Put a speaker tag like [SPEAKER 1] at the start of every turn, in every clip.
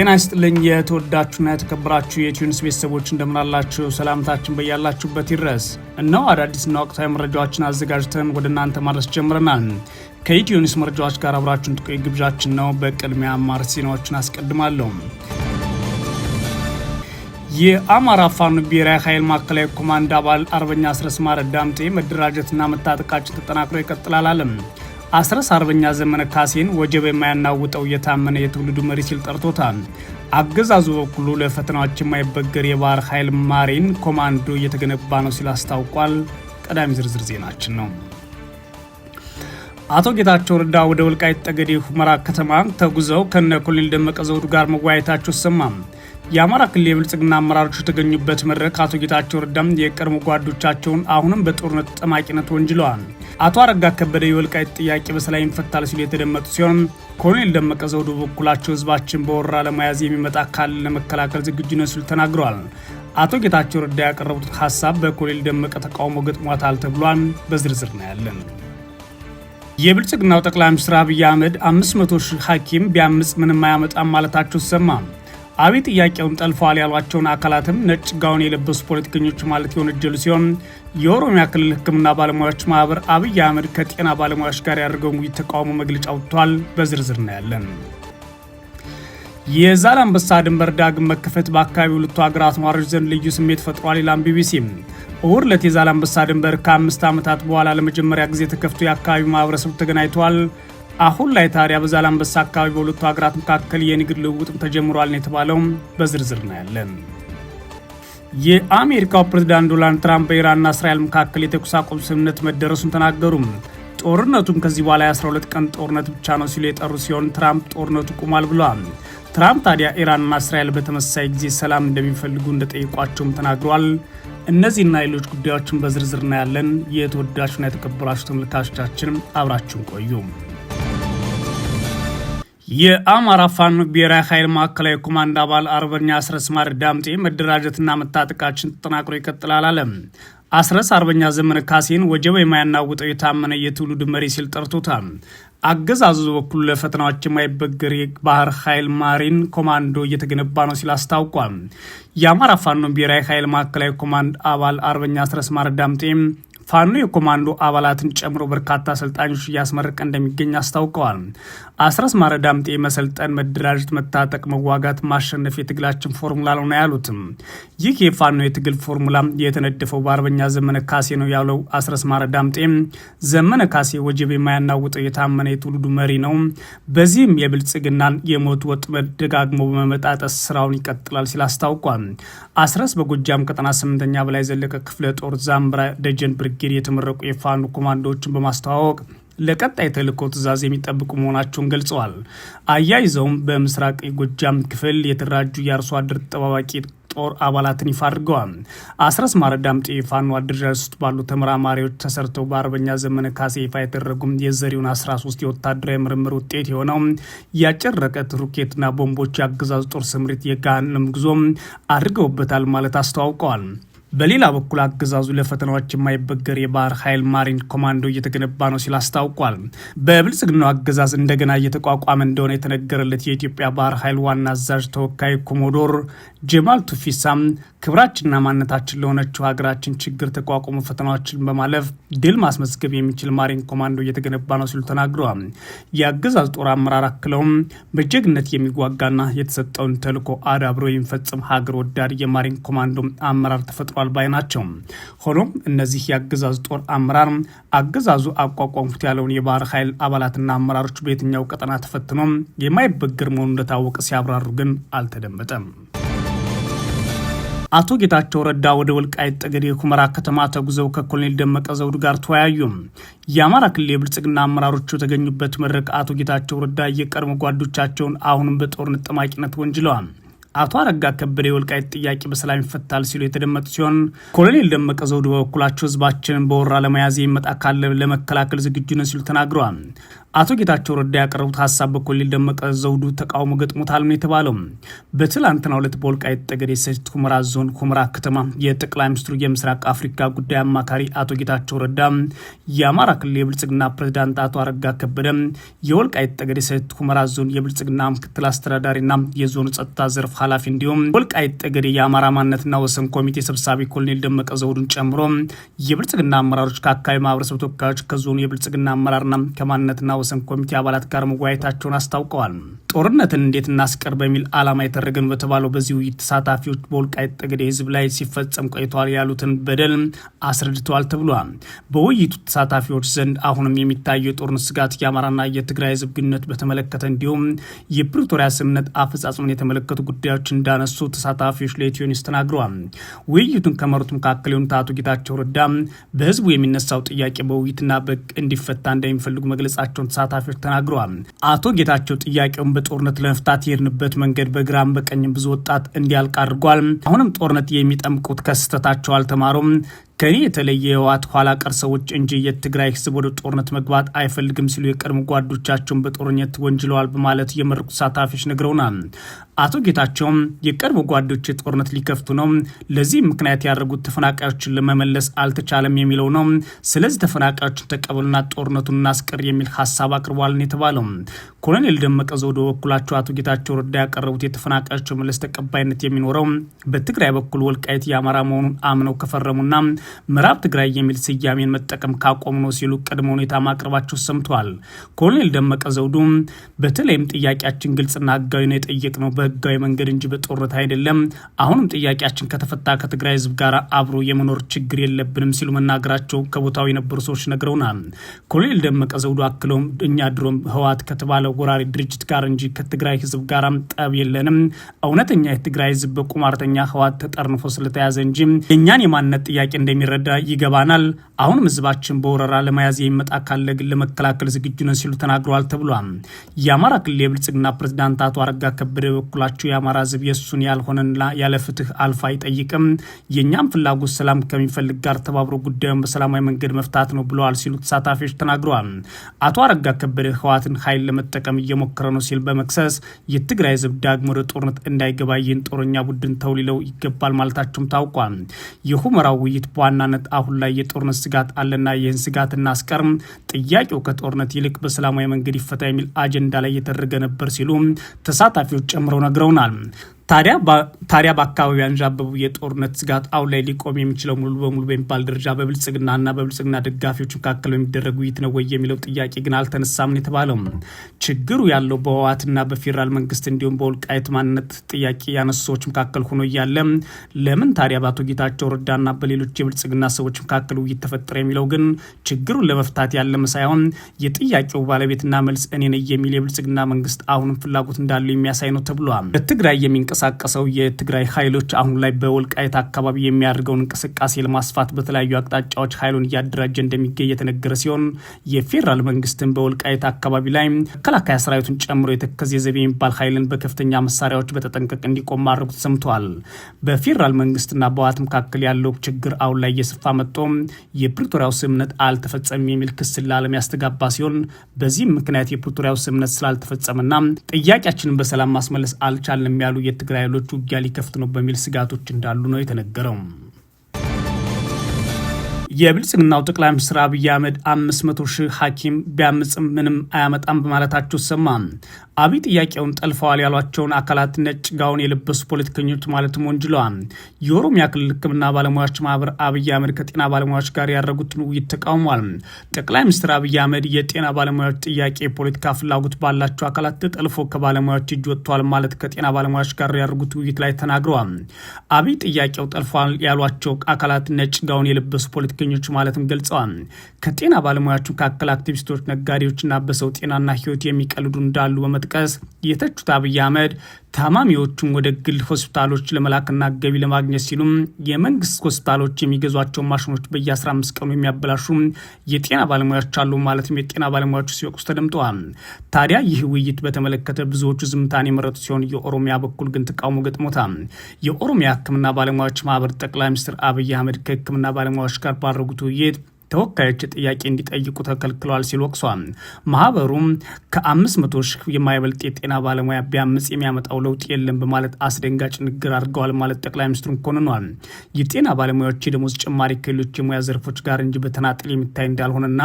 [SPEAKER 1] ጤና ይስጥልኝ የተወዳችሁና የተከበራችሁ የኢትዮኒውስ ቤተሰቦች እንደምናላችሁ ሰላምታችን በያላችሁበት ይድረስ። እነው አዳዲስና ወቅታዊ መረጃዎችን አዘጋጅተን ወደ እናንተ ማድረስ ጀምረናል። ከኢትዮኒውስ መረጃዎች ጋር አብራችሁን ጥቆይ ግብዣችን ነው። በቅድሚያ አማር ዜናዎችን አስቀድማለሁ። የአማራ ፋኖ ብሔራዊ ኃይል ማዕከላዊ ኮማንድ አባል አርበኛ አስረስ ዳምጤ መደራጀትና መታጠቃቸው ተጠናክሮ ይቀጥላል አለም አስረስ አርበኛ ዘመነ ካሴን ወጀብ የማያናውጠው የታመነ የትውልዱ መሪ ሲል ጠርቶታል። አገዛዙ በኩሉ ለፈተናዎች የማይበገር የባህር ኃይል ማሪን ኮማንዶ እየተገነባ ነው ሲል አስታውቋል። ቀዳሚ ዝርዝር ዜናችን ነው። አቶ ጌታቸው ረዳ ወደ ወልቃይት ጠገዴ ሁመራ ከተማ ተጉዘው ከነ ኮሎኔል ደመቀ ዘውዱ ጋር መወያየታቸው ሰማም የአማራ ክልል የብልጽግና አመራሮች የተገኙበት መድረክ አቶ ጌታቸው ረዳም የቀድሞ ጓዶቻቸውን አሁንም በጦርነት ጠማቂነት ወንጅለዋል። አቶ አረጋ ከበደ የወልቃይት ጥያቄ በሰላም ይፈታል ሲሉ የተደመጡ ሲሆን ኮሎኔል ደመቀ ዘውዱ በበኩላቸው ህዝባችን በወረራ ለመያዝ የሚመጣ አካል ለመከላከል ዝግጁ ነው ሲሉ ተናግረዋል። አቶ ጌታቸው ረዳ ያቀረቡት ሀሳብ በኮሎኔል ደመቀ ተቃውሞ ገጥሟታል ተብሏል። በዝርዝር ነው ያለን። የብልጽግናው ጠቅላይ ሚኒስትር አብይ አህመድ 500 ሺህ ሐኪም ቢያምፅ ምንም አያመጣም ማለታቸው ሰማ። አብይ ጥያቄውን ጠልፈዋል ያሏቸውን አካላትም ነጭ ጋውን የለበሱ ፖለቲከኞች ማለት የወነጀሉ ሲሆን የኦሮሚያ ክልል ሕክምና ባለሙያዎች ማህበር አብይ አህመድ ከጤና ባለሙያዎች ጋር ያደርገውን ውይይት ተቃውሞ መግለጫ አውጥቷል። በዝርዝር እናያለን። የዛላምበሳ ድንበር ዳግም መከፈት በአካባቢ ሁለቱ ሀገራት ነዋሪዎች ዘንድ ልዩ ስሜት ፈጥሯል ይላም ቢቢሲ። እሁድ ዕለት የዛላምበሳ ድንበር ከአምስት ዓመታት በኋላ ለመጀመሪያ ጊዜ ተከፍቶ የአካባቢው ማህበረሰቡ ተገናኝተዋል። አሁን ላይ ታዲያ በዛላንበሳ አካባቢ በሁለቱ ሀገራት መካከል የንግድ ልውውጥ ተጀምሯል ነው የተባለው። በዝርዝር ነው ያለን። የአሜሪካው ፕሬዝዳንት ዶናልድ ትራምፕ በኢራንና እስራኤል መካከል የተኩስ አቁም ስምምነት መደረሱን ተናገሩ። ጦርነቱም ከዚህ በኋላ የ12 ቀን ጦርነት ብቻ ነው ሲሉ የጠሩ ሲሆን ትራምፕ ጦርነቱ ቁሟል ብለዋል። ትራምፕ ታዲያ ኢራንና እስራኤል በተመሳሳይ ጊዜ ሰላም እንደሚፈልጉ እንደጠየቋቸውም ተናግረዋል። እነዚህና ሌሎች ጉዳዮችን በዝርዝር እናያለን። የተወዳችሁና የተከበራችሁ ተመልካቾቻችን አብራችሁን ቆዩም። የአማራ ፋኖ ብሔራዊ ኃይል ማዕከላዊ ኮማንድ አባል አርበኛ አስረስ ማር ዳምጤ መደራጀትና መታጠቃችን ተጠናክሮ ይቀጥላል አለም። አስረስ አርበኛ ዘመነ ካሴን ወጀብ የማያናውጠው የታመነ የትውልድ መሪ ሲል ጠርቶታል። አገዛዙ በኩሉ ለፈተናዎች የማይበገር የባህር ኃይል ማሪን ኮማንዶ እየተገነባ ነው ሲል አስታውቋል። የአማራ ፋኖ ብሔራዊ ኃይል ማዕከላዊ ኮማንድ አባል አርበኛ አስረስ ማር ዳምጤ ፋኖ የኮማንዶ አባላትን ጨምሮ በርካታ አሰልጣኞች እያስመረቀ እንደሚገኝ አስታውቀዋል። አስረስ ማረ ዳምጤ መሰልጠን፣ መደራጀት፣ መታጠቅ፣ መዋጋት፣ ማሸነፍ የትግላችን ፎርሙላ ነው ያሉትም ይህ የፋኖ የትግል ፎርሙላ የተነደፈው በአርበኛ ዘመነ ካሴ ነው ያለው አስረስ ማረ ዳምጤ ዘመነ ካሴ ወጀብ የማያናውጠው የታመነ የትውልዱ መሪ ነው። በዚህም የብልጽግናን የሞት ወጥመድ ደጋግሞ በመመጣጠስ ስራውን ይቀጥላል ሲል አስታውቋል። አስረስ በጎጃም ቀጠና ስምንተኛ በላይ ዘለቀ ክፍለ ጦር ዛምብራ ደጀን ብርጌ ብርጌድ የተመረቁ የፋኖ ኮማንዶዎችን በማስተዋወቅ ለቀጣይ ተልእኮ ትዕዛዝ የሚጠብቁ መሆናቸውን ገልጸዋል። አያይዘውም በምስራቅ የጎጃም ክፍል የተደራጁ የአርሶ አደር ጠባባቂ ጦር አባላትን ይፋ አድርገዋል። አስረስ ማረ የፋኖ አደረጃጀት ውስጥ ባሉ ተመራማሪዎች ተሰርተው በአርበኛ ዘመነ ካሴ ይፋ የተደረጉም የዘሪውን 13 የወታደራዊ ምርምር ውጤት የሆነው የአጭር ርቀት ሮኬትና ቦምቦች የአገዛዙ ጦር ስምሪት የጋንም ጉዞ አድርገውበታል ማለት አስተዋውቀዋል። በሌላ በኩል አገዛዙ ለፈተናዎች የማይበገር የባህር ኃይል ማሪን ኮማንዶ እየተገነባ ነው ሲል አስታውቋል። በብልጽግናው አገዛዝ እንደገና እየተቋቋመ እንደሆነ የተነገረለት የኢትዮጵያ ባህር ኃይል ዋና አዛዥ ተወካይ ኮሞዶር ጀማል ቱፊሳም ክብራችንና ማንነታችን ለሆነችው ሀገራችን ችግር ተቋቁሞ ፈተናዎችን በማለፍ ድል ማስመዝገብ የሚችል ማሪን ኮማንዶ እየተገነባ ነው ሲሉ ተናግረዋል። የአገዛዝ ጦር አመራር አክለውም በጀግነት የሚዋጋና የተሰጠውን ተልዕኮ አዳብሮ የሚፈጽም ሀገር ወዳድ የማሪን ኮማንዶ አመራር ተፈጥሯል ባይ ናቸው። ሆኖም እነዚህ የአገዛዝ ጦር አመራር አገዛዙ አቋቋምኩት ያለውን የባህር ኃይል አባላትና አመራሮች በየትኛው ቀጠና ተፈትኖ የማይበገር መሆኑ እንደታወቀ ሲያብራሩ ግን አልተደመጠም። አቶ ጌታቸው ረዳ ወደ ወልቃይት ጠገዴ ሁመራ ከተማ ተጉዘው ከኮሎኔል ደመቀ ዘውዱ ጋር ተወያዩ። የአማራ ክልል የብልጽግና አመራሮቹ የተገኙበት መድረክ አቶ ጌታቸው ረዳ የቀድሞ ጓዶቻቸውን አሁንም በጦርነት ጠማቂነት ወንጅለዋል። አቶ አረጋ ከበደ የወልቃይት ጥያቄ በሰላም ይፈታል ሲሉ የተደመጡ ሲሆን ኮሎኔል ደመቀ ዘውዱ በበኩላቸው ህዝባችንን በወራ ለመያዝ የሚመጣ ካለ ለመከላከል ዝግጁ ነን ሲሉ ተናግረዋል። አቶ ጌታቸው ረዳ ያቀረቡት ሀሳብ በኮሎኔል ደመቀ ዘውዱ ተቃውሞ ገጥሞታል ነው የተባለው። በትላንትና ሁለት በወልቃይት ጠገዴ ሰቲት ሁመራ ዞን ሁመራ ከተማ የጠቅላይ ሚኒስትሩ የምስራቅ አፍሪካ ጉዳይ አማካሪ አቶ ጌታቸው ረዳ፣ የአማራ ክልል የብልጽግና ፕሬዚዳንት አቶ አረጋ ከበደ፣ የወልቃይት ጠገዴ ሰቲት ሁመራ ዞን የብልጽግና ምክትል አስተዳዳሪና የዞኑ ጸጥታ ዘርፍ ኃላፊ እንዲሁም ወልቃይት ጠገዴ የአማራ ማንነትና ወሰን ኮሚቴ ሰብሳቢ ኮሎኔል ደመቀ ዘውዱን ጨምሮ የብልጽግና አመራሮች ከአካባቢ ማህበረሰብ ተወካዮች ከዞኑ የብልጽግና አመራርና ከማንነትና ወሰን ኮሚቴ አባላት ጋር መወያየታቸውን አስታውቀዋል። ጦርነትን እንዴት እናስቀር በሚል ዓላማ የተደረገን በተባለው በዚህ ውይይት ተሳታፊዎች በወልቃይት ጠገዴ ህዝብ ላይ ሲፈጸም ቆይተዋል ያሉትን በደል አስረድተዋል ተብሏል። በውይይቱ ተሳታፊዎች ዘንድ አሁንም የሚታየው የጦርነት ስጋት የአማራና የትግራይ ህዝብ ግንኙነት በተመለከተ እንዲሁም የፕሪቶሪያ ስምምነት አፈጻጽምን የተመለከቱ ጉዳዮች እንዳነሱ ተሳታፊዎች ለኢትዮ ኒውስ ተናግረዋል። ውይይቱን ከመሩት መካከል የሆኑት አቶ ጌታቸው ረዳ በህዝቡ የሚነሳው ጥያቄ በውይይትና በቅ እንዲፈታ እንደሚፈልጉ መግለጻቸውን ተሳታፊዎች ተናግረዋል። አቶ ጌታቸው ጥያቄውን ጦርነት ለመፍታት የሄድንበት መንገድ በግራም በቀኝም ብዙ ወጣት እንዲያልቅ አድርጓል። አሁንም ጦርነት የሚጠምቁት ከስህተታቸው አልተማሩም። ከኔ የተለየ የህወሓት ኋላ ቀር ሰዎች እንጂ የትግራይ ህዝብ ወደ ጦርነት መግባት አይፈልግም ሲሉ የቀድሞ ጓዶቻቸውን በጦርነት ወንጅለዋል በማለት የመድረኩ ተሳታፊዎች ነግረውናል። አቶ ጌታቸውም የቀድሞ ጓዶች ጦርነት ሊከፍቱ ነው፣ ለዚህ ምክንያት ያደረጉት ተፈናቃዮችን ለመመለስ አልተቻለም የሚለው ነው። ስለዚህ ተፈናቃዮችን ተቀበሉና ጦርነቱን እናስቀር የሚል ሀሳብ አቅርቧል የተባለው። ኮሎኔል ደመቀ ዘውዱ በበኩላቸው አቶ ጌታቸው ረዳ ያቀረቡት የተፈናቃዮች መለስ ተቀባይነት የሚኖረው በትግራይ በኩል ወልቃይት የአማራ መሆኑን አምነው ከፈረሙና ምዕራብ ትግራይ የሚል ስያሜን መጠቀም ካቆሙ ነው ሲሉ ቅድመ ሁኔታ ማቅረባቸው ሰምተዋል። ኮሎኔል ደመቀ ዘውዱ በተለይም ጥያቄያችን ግልጽና ህጋዊ ነው የጠየቅነው በህጋዊ መንገድ እንጂ በጦርነት አይደለም። አሁንም ጥያቄያችን ከተፈታ ከትግራይ ህዝብ ጋር አብሮ የመኖር ችግር የለብንም ሲሉ መናገራቸው ከቦታው የነበሩ ሰዎች ነግረውናል። ኮሎኔል ደመቀ ዘውዱ አክለውም እኛ ድሮም ህወሓት ከተባለ ወራሪ ድርጅት ጋር እንጂ ከትግራይ ህዝብ ጋራም ጠብ የለንም። እውነተኛ የትግራይ ህዝብ በቁማርተኛ ህወሓት ተጠርንፎ ስለተያዘ እንጂ የእኛን የማንነት ጥያቄ እንደሚ እንደሚረዳ ይገባናል። አሁንም ህዝባችን በወረራ ለመያዝ የሚመጣ ካለ ግን ለመከላከል ዝግጁ ነን ሲሉ ተናግረዋል ተብሏል። የአማራ ክልል የብልጽግና ፕሬዚዳንት አቶ አረጋ ከበደ በበኩላቸው የአማራ ህዝብ የእሱን ያልሆነና ያለ ፍትህ አልፎ አይጠይቅም። የእኛም ፍላጎት ሰላም ከሚፈልግ ጋር ተባብሮ ጉዳዩን በሰላማዊ መንገድ መፍታት ነው ብለዋል ሲሉ ተሳታፊዎች ተናግረዋል። አቶ አረጋ ከበደ ህወሓትን ኃይል ለመጠቀም እየሞከረ ነው ሲል በመክሰስ የትግራይ ህዝብ ዳግም ወደ ጦርነት እንዳይገባ ይህን ጦረኛ ቡድን ተውሊለው ይገባል ማለታቸውም ታውቋል። የሁመራው ውይይት በ በዋናነት አሁን ላይ የጦርነት ስጋት አለና ይህን ስጋት እናስቀርም፣ ጥያቄው ከጦርነት ይልቅ በሰላማዊ መንገድ ይፈታ የሚል አጀንዳ ላይ የተደረገ ነበር ሲሉ ተሳታፊዎች ጨምረው ነግረውናል። ታዲያ በአካባቢው ያንዣበቡ የጦርነት ስጋት አሁን ላይ ሊቆም የሚችለው ሙሉ በሙሉ በሚባል ደረጃ በብልጽግናና በብልጽግና ደጋፊዎች መካከል በሚደረግ ውይይት ነው ወይ የሚለው ጥያቄ ግን አልተነሳም ነው የተባለው። ችግሩ ያለው በህወሓትና በፌዴራል መንግስት እንዲሁም በወልቃይት ማንነት ጥያቄ ያነሱ ሰዎች መካከል ሆኖ እያለ ለምን ታዲያ በአቶ ጌታቸው ረዳና በሌሎች የብልጽግና ሰዎች መካከል ውይይት ተፈጠረ የሚለው ግን ችግሩን ለመፍታት ያለም ሳይሆን የጥያቄው ባለቤትና መልስ እኔ ነኝ የሚል የብልጽግና መንግስት አሁንም ፍላጎት እንዳለው የሚያሳይ ነው ተብሏል። በትግራይ የሚንቀሳቀሰው የትግራይ ኃይሎች አሁን ላይ በወልቃይት አካባቢ የሚያደርገውን እንቅስቃሴ ለማስፋት በተለያዩ አቅጣጫዎች ኃይሉን እያደራጀ እንደሚገኝ የተነገረ ሲሆን የፌዴራል መንግስትን በወልቃይት አካባቢ ላይ መከላከያ ሰራዊቱን ጨምሮ የተከዝ የዘቤ የሚባል ኃይልን በከፍተኛ መሳሪያዎች በተጠንቀቅ እንዲቆም ማድረጉ ተሰምተዋል። በፌዴራል መንግስትና በህወሓት መካከል ያለው ችግር አሁን ላይ እየሰፋ መጥቶ የፕሪቶሪያው ስምምነት አልተፈጸመም የሚል ክስ ለዓለም ያስተጋባ ሲሆን በዚህም ምክንያት የፕሪቶሪያው ስምምነት ስላልተፈጸመና ጥያቄያችንን በሰላም ማስመለስ አልቻልንም ያሉ የትግራይ ኃይሎች ውጊያ ሊከፍት ነው በሚል ስጋቶች እንዳሉ ነው የተነገረው። የብልጽግናው ጠቅላይ ሚኒስትር አብይ አህመድ አምስት መቶ ሺህ ሐኪም ቢያምጽም ምንም አያመጣም በማለታቸው ሰማ። አብይ ጥያቄውን ጠልፈዋል ያሏቸውን አካላት ነጭ ጋውን የለበሱ ፖለቲከኞች ማለትም ወንጅለዋል። የኦሮሚያ ክልል ሕክምና ባለሙያዎች ማህበር አብይ አህመድ ከጤና ባለሙያዎች ጋር ያደረጉትን ውይይት ተቃውሟል። ጠቅላይ ሚኒስትር አብይ አህመድ የጤና ባለሙያዎች ጥያቄ የፖለቲካ ፍላጎት ባላቸው አካላት ተጠልፎ ከባለሙያዎች እጅ ወጥቷል ማለት ከጤና ባለሙያዎች ጋር ያደርጉት ውይይት ላይ ተናግረዋል። አብይ ጥያቄው ጠልፏል ያሏቸው አካላት ነጭ ጋውን የለበሱ ፖለቲከኞች ሰራተኞች ማለትም ገልጸዋል። ከጤና ባለሙያዎች መካከል አክቲቪስቶች፣ ነጋዴዎችና በሰው ጤናና ሕይወት የሚቀልዱ እንዳሉ በመጥቀስ የተቹት አብይ አህመድ ታማሚዎቹን ወደ ግል ሆስፒታሎች ለመላክና ገቢ ለማግኘት ሲሉም የመንግስት ሆስፒታሎች የሚገዟቸው ማሽኖች በየ15 ቀኑ የሚያበላሹ የጤና ባለሙያዎች አሉ ማለትም የጤና ባለሙያዎቹ ሲወቅሱ ተደምጠዋል። ታዲያ ይህ ውይይት በተመለከተ ብዙዎቹ ዝምታን የመረጡ ሲሆን የኦሮሚያ በኩል ግን ተቃውሞ ገጥሞታል። የኦሮሚያ ሕክምና ባለሙያዎች ማህበር ጠቅላይ ሚኒስትር አብይ አህመድ ከሕክምና ባለሙያዎች ጋር ባደረጉት ውይይት ተወካዮች ጥያቄ እንዲጠይቁ ተከልክለዋል ሲል ወቅሷል። ማህበሩም ከ500 ሺህ የማይበልጥ የጤና ባለሙያ ቢያምፅ የሚያመጣው ለውጥ የለም በማለት አስደንጋጭ ንግግር አድርገዋል ማለት ጠቅላይ ሚኒስትሩን ኮንኗል። የጤና ባለሙያዎች የደሞዝ ጭማሪ ከሌሎች የሙያ ዘርፎች ጋር እንጂ በተናጥል የሚታይ እንዳልሆነና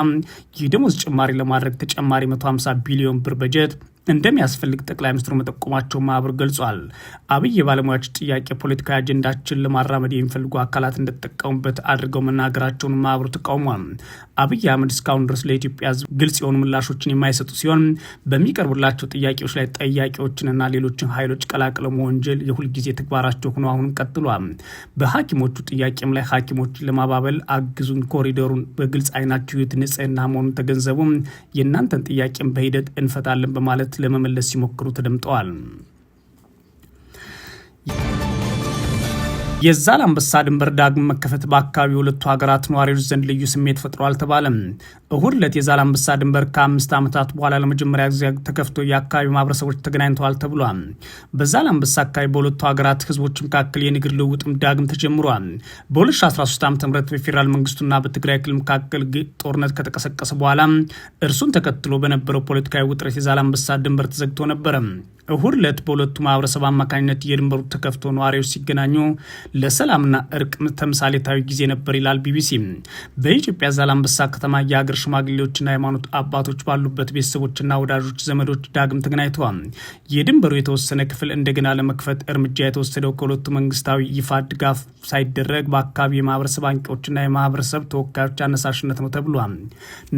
[SPEAKER 1] የደሞዝ ጭማሪ ለማድረግ ተጨማሪ 150 ቢሊዮን ብር በጀት እንደሚያስፈልግ ጠቅላይ ሚኒስትሩ መጠቆማቸው ማህበር ገልጿል። አብይ የባለሙያዎች ጥያቄ ፖለቲካዊ አጀንዳችን ለማራመድ የሚፈልጉ አካላት እንደተጠቀሙበት አድርገው መናገራቸውን ማህበሩ ተቃውሟል። አብይ አህመድ እስካሁን ድረስ ለኢትዮጵያ ሕዝብ ግልጽ የሆኑ ምላሾችን የማይሰጡ ሲሆን በሚቀርቡላቸው ጥያቄዎች ላይ ጠያቂዎችንና ሌሎችን ኃይሎች ቀላቅለው መወንጀል የሁልጊዜ ተግባራቸው ሆኖ አሁን ቀጥሏል። በሐኪሞቹ ጥያቄም ላይ ሐኪሞችን ለማባበል አግዙን፣ ኮሪደሩን በግልጽ አይናችሁ ንጽህና መሆኑን ተገንዘቡ፣ የእናንተን ጥያቄም በሂደት እንፈታለን በማለት ለመመለስ ሲሞክሩ ተደምጠዋል። የዛላምበሳ ድንበር ዳግም መከፈት በአካባቢ ሁለቱ ሀገራት ነዋሪዎች ዘንድ ልዩ ስሜት ፈጥሮ አልተባለም። እሁድ ዕለት የዛላምበሳ ድንበር ከአምስት ዓመታት በኋላ ለመጀመሪያ ጊዜ ተከፍቶ የአካባቢ ማህበረሰቦች ተገናኝተዋል ተብሏል። በዛላምበሳ አካባቢ በሁለቱ ሀገራት ህዝቦች መካከል የንግድ ልውውጥም ዳግም ተጀምሯል። በ2013 ዓ ም በፌዴራል መንግስቱና በትግራይ ክልል መካከል ጦርነት ከተቀሰቀሰ በኋላ እርሱን ተከትሎ በነበረው ፖለቲካዊ ውጥረት የዛላምበሳ ድንበር ተዘግቶ ነበረ። እሁድ ዕለት በሁለቱ ማህበረሰብ አማካኝነት የድንበሩ ተከፍቶ ነዋሪዎች ሲገናኙ ለሰላምና እርቅ ተምሳሌታዊ ጊዜ ነበር ይላል ቢቢሲ። በኢትዮጵያ ዛላንበሳ ከተማ የሀገር ሽማግሌዎችና ሃይማኖት አባቶች ባሉበት ቤተሰቦችና ወዳጆች፣ ዘመዶች ዳግም ተገናኝተዋል። የድንበሩ የተወሰነ ክፍል እንደገና ለመክፈት እርምጃ የተወሰደው ከሁለቱ መንግስታዊ ይፋ ድጋፍ ሳይደረግ በአካባቢ የማህበረሰብ አንቂዎችና የማህበረሰብ ተወካዮች አነሳሽነት ነው ተብሏል።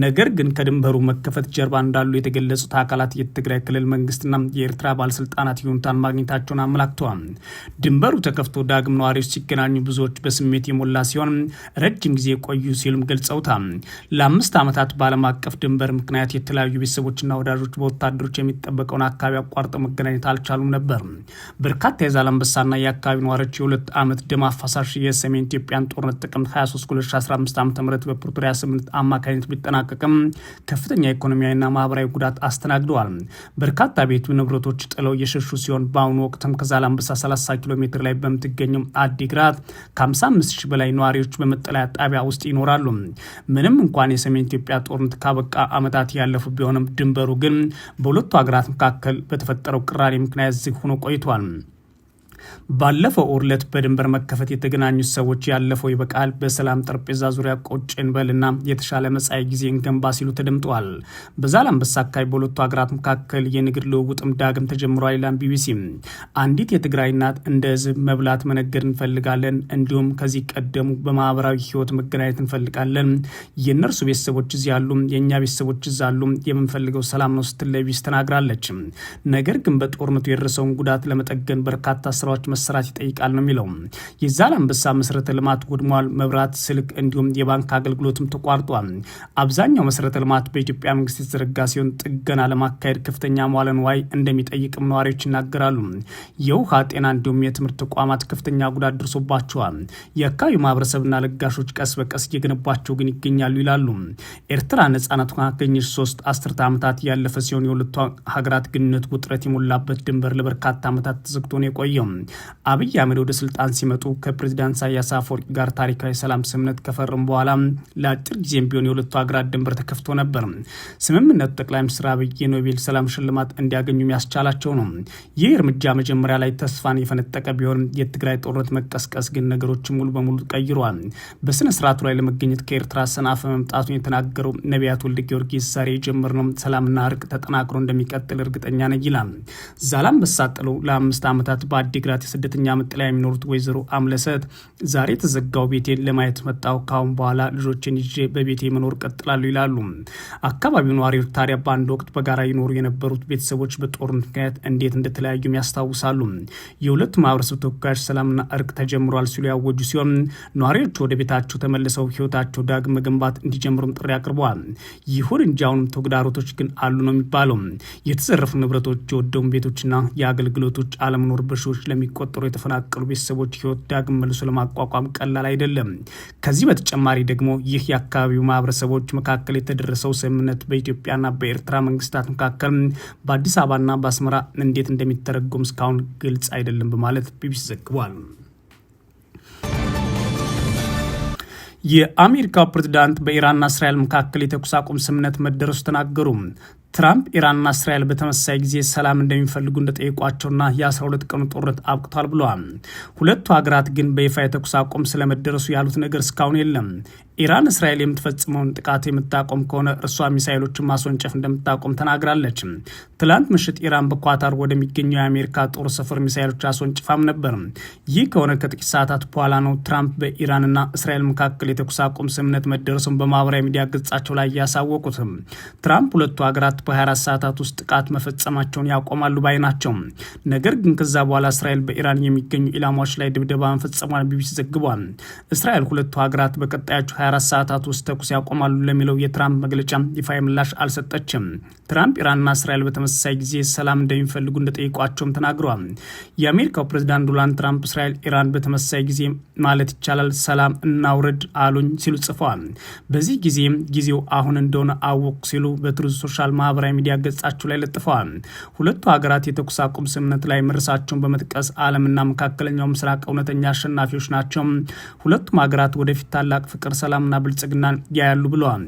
[SPEAKER 1] ነገር ግን ከድንበሩ መከፈት ጀርባ እንዳሉ የተገለጹት አካላት የትግራይ ክልል መንግስትና የኤርትራ ባለስልጣናት ይሁንታን ማግኘታቸውን አመላክተዋል። ድንበሩ ተከፍቶ ዳግም ነዋሪዎች ሲገናኙ ብዙዎች በስሜት የሞላ ሲሆን ረጅም ጊዜ ቆዩ ሲሉም ገልጸውታል። ለአምስት ዓመታት በዓለም አቀፍ ድንበር ምክንያት የተለያዩ ቤተሰቦችና ወዳጆች በወታደሮች የሚጠበቀውን አካባቢ አቋርጠው መገናኘት አልቻሉም ነበር። በርካታ የዛላንበሳና የአካባቢ ነዋሪዎች የሁለት ዓመት ደም አፋሳሽ የሰሜን ኢትዮጵያን ጦርነት ጥቅምት 23 2015 ዓ ም በፕሪቶሪያ ስምምነት አማካኝነት ቢጠናቀቅም ከፍተኛ ኢኮኖሚያዊና ማህበራዊ ጉዳት አስተናግደዋል። በርካታ ቤቱ ንብረቶች ጥለው እየሸሹ ሲሆን በአሁኑ ወቅትም ከዛላምበሳ 30 ኪሎ ሜትር ላይ በምትገኘው አዲግራት ከ55 ሺህ በላይ ነዋሪዎች በመጠለያ ጣቢያ ውስጥ ይኖራሉ። ምንም እንኳን የሰሜን ኢትዮጵያ ጦርነት ካበቃ ዓመታት ያለፉ ቢሆንም ድንበሩ ግን በሁለቱ ሀገራት መካከል በተፈጠረው ቅራኔ ምክንያት ዝግ ሆኖ ቆይቷል። ባለፈው ኦርለት በድንበር መከፈት የተገናኙት ሰዎች ያለፈው ይበቃል፣ በሰላም ጠረጴዛ ዙሪያ በል እንበልና የተሻለ መጻኢ ጊዜ እንገንባ ሲሉ ተደምጠዋል። በዛላምበሳ አካባቢ በሁለቱ ሀገራት መካከል የንግድ ልውውጥም ዳግም ተጀምሯል። ይላም ቢቢሲ። አንዲት የትግራይ እናት እንደ ህዝብ መብላት መነገድ እንፈልጋለን፣ እንዲሁም ከዚህ ቀደሙ በማህበራዊ ህይወት መገናኘት እንፈልጋለን። የእነርሱ ቤተሰቦች እዚህ ያሉ፣ የእኛ ቤተሰቦች እዛ አሉ። የምንፈልገው ሰላም ነው ስትል ለቢቢሲ ተናግራለች። ነገር ግን በጦርነቱ የደረሰውን ጉዳት ለመጠገን በርካታ ስራ ስራዎች መሰራት ይጠይቃል ነው የሚለው። የዛላምበሳ መሰረተ ልማት ወድሟል። መብራት፣ ስልክ እንዲሁም የባንክ አገልግሎትም ተቋርጧል። አብዛኛው መሰረተ ልማት በኢትዮጵያ መንግስት የተዘረጋ ሲሆን ጥገና ለማካሄድ ከፍተኛ መዋለ ንዋይ እንደሚጠይቅም ነዋሪዎች ይናገራሉ። የውሃ ጤና፣ እንዲሁም የትምህርት ተቋማት ከፍተኛ ጉዳት ደርሶባቸዋል። የአካባቢው ማህበረሰብና ለጋሾች ቀስ በቀስ እየገነባቸው ግን ይገኛሉ ይላሉ። ኤርትራ ነጻነት ካገኘች ሶስት አስርተ ዓመታት ያለፈ ሲሆን የሁለቱ ሀገራት ግንኙነት ውጥረት የሞላበት ድንበር ለበርካታ ዓመታት ተዘግቶ ነው የቆየው። አብይ አህመድ ወደ ስልጣን ሲመጡ ከፕሬዚዳንት ኢሳያስ አፈወርቂ ጋር ታሪካዊ ሰላም ስምምነት ከፈርም በኋላ ለአጭር ጊዜም ቢሆን የሁለቱ ሀገራት ድንበር ተከፍቶ ነበር። ስምምነቱ ጠቅላይ ሚኒስትር አብይ የኖቤል ሰላም ሽልማት እንዲያገኙ ያስቻላቸው ነው። ይህ እርምጃ መጀመሪያ ላይ ተስፋን የፈነጠቀ ቢሆን የትግራይ ጦርነት መቀስቀስ ግን ነገሮች ሙሉ በሙሉ ቀይሯል። በስነ ስርዓቱ ላይ ለመገኘት ከኤርትራ ሰናፈ መምጣቱን የተናገረው ነቢያት ወልደ ጊዮርጊስ ዛሬ የጀመርነው ሰላምና እርቅ ተጠናክሮ እንደሚቀጥል እርግጠኛ ነኝ ይላል። ዛላምበሳ ጥለው ለአምስት ዓመታት በአዲግራ ሀገራት የስደተኛ መጠለያ የሚኖሩት ወይዘሮ አምለሰት ዛሬ የተዘጋው ቤቴን ለማየት መጣው፣ ካሁን በኋላ ልጆችን ይዤ በቤቴ መኖር ቀጥላሉ ይላሉ። አካባቢው ነዋሪዎች ታዲያ በአንድ ወቅት በጋራ ይኖሩ የነበሩት ቤተሰቦች በጦርነት ምክንያት እንዴት እንደተለያዩም ያስታውሳሉ። የሁለቱ ማህበረሰብ ተወካዮች ሰላምና እርቅ ተጀምሯል ሲሉ ያወጁ ሲሆን ነዋሪዎቹ ወደ ቤታቸው ተመልሰው ህይወታቸው ዳግም መገንባት እንዲጀምሩም ጥሪ አቅርበዋል። ይሁን እንጂ አሁንም ተግዳሮቶች ግን አሉ ነው የሚባለው። የተዘረፉ ንብረቶች፣ የወደሙ ቤቶችና የአገልግሎቶች አለመኖር በሺዎች ለሚ የሚቆጠሩ የተፈናቀሉ ቤተሰቦች ህይወት ዳግም መልሶ ለማቋቋም ቀላል አይደለም። ከዚህ በተጨማሪ ደግሞ ይህ የአካባቢው ማህበረሰቦች መካከል የተደረሰው ስምምነት በኢትዮጵያና በኤርትራ መንግስታት መካከል በአዲስ አበባና በአስመራ እንዴት እንደሚተረጎም እስካሁን ግልጽ አይደለም በማለት ቢቢሲ ዘግቧል። የአሜሪካው ፕሬዝዳንት በኢራንና እስራኤል መካከል የተኩስ አቁም ስምምነት መደረሱ ተናገሩ። ትራምፕ ኢራንና እስራኤል በተመሳሳይ ጊዜ ሰላም እንደሚፈልጉ እንደጠየቋቸውና የ12 ቀኑ ጦርነት አብቅቷል ብለዋል። ሁለቱ ሀገራት ግን በይፋ የተኩስ አቁም ስለመደረሱ ያሉት ነገር እስካሁን የለም። ኢራን እስራኤል የምትፈጽመውን ጥቃት የምታቆም ከሆነ እርሷ ሚሳይሎችን ማስወንጨፍ እንደምታቆም ተናግራለች። ትላንት ምሽት ኢራን በኳታር ወደሚገኘው የአሜሪካ ጦር ሰፈር ሚሳይሎች አስወንጭፋም ነበር። ይህ ከሆነ ከጥቂት ሰዓታት በኋላ ነው ትራምፕ በኢራንና እስራኤል መካከል የተኩስ አቁም ስምምነት መደረሱን በማህበራዊ ሚዲያ ገጻቸው ላይ ያሳወቁት። ትራምፕ ሁለቱ ሀገራት በ24 ሰዓታት ውስጥ ጥቃት መፈጸማቸውን ያቆማሉ ባይ ናቸው። ነገር ግን ከዛ በኋላ እስራኤል በኢራን የሚገኙ ኢላማዎች ላይ ድብደባ መፈጸሟን ቢቢሲ ዘግቧል። እስራኤል ሁለቱ ሀገራት በቀጣያቸው 24 ሰዓታት ውስጥ ተኩስ ያቆማሉ ለሚለው የትራምፕ መግለጫ ይፋ ምላሽ አልሰጠችም። ትራምፕ ኢራንና እስራኤል በተመሳሳይ ጊዜ ሰላም እንደሚፈልጉ እንደጠይቋቸውም ተናግረዋል። የአሜሪካው ፕሬዚዳንት ዶናልድ ትራምፕ እስራኤል ኢራን በተመሳሳይ ጊዜ ማለት ይቻላል ሰላም እናውርድ አሉኝ ሲሉ ጽፈዋል። በዚህ ጊዜ ጊዜው አሁን እንደሆነ አወቅ ሲሉ በትሩዝ ሶሻል ማህበራዊ ሚዲያ ገጻቸው ላይ ለጥፈዋል። ሁለቱ ሀገራት የተኩስ አቁም ስምምነት ላይ መድረሳቸውን በመጥቀስ ዓለምና መካከለኛው ምስራቅ እውነተኛ አሸናፊዎች ናቸው። ሁለቱም ሀገራት ወደፊት ታላቅ ፍቅር፣ ሰላም ሰላምና ብልጽግናን ያያሉ ብለዋል።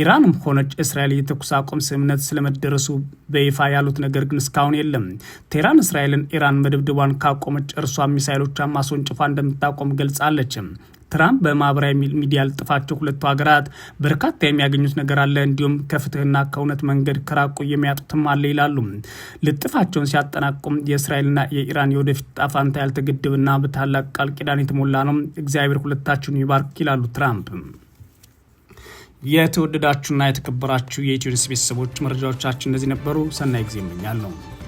[SPEAKER 1] ኢራንም ሆነች እስራኤል የተኩስ አቁም ስምምነት ስለመደረሱ በይፋ ያሉት ነገር ግን እስካሁን የለም። ቴህራን እስራኤልን ኢራን መደብደቧን ካቆመች እርሷ ሚሳይሎቿን ማስወንጭፋ እንደምታቆም ገልጻለች። ትራምፕ በማህበራዊ ሚዲያ ልጥፋቸው ሁለቱ ሀገራት በርካታ የሚያገኙት ነገር አለ፣ እንዲሁም ከፍትህና ከእውነት መንገድ ከራቁ የሚያጡትም አለ ይላሉ። ልጥፋቸውን ሲያጠናቁም የእስራኤልና የኢራን የወደፊት ጣፋንታ ፈንታ በታላቅ ቃል ኪዳን የተሞላ ነው፣ እግዚአብሔር ሁለታችሁን ይባርክ ይላሉ ትራምፕ። የተወደዳችሁና የተከበራችሁ የኢትዮ ኒውስ ቤተሰቦች መረጃዎቻችን እነዚህ ነበሩ። ሰናይ ጊዜ እመኛለሁ።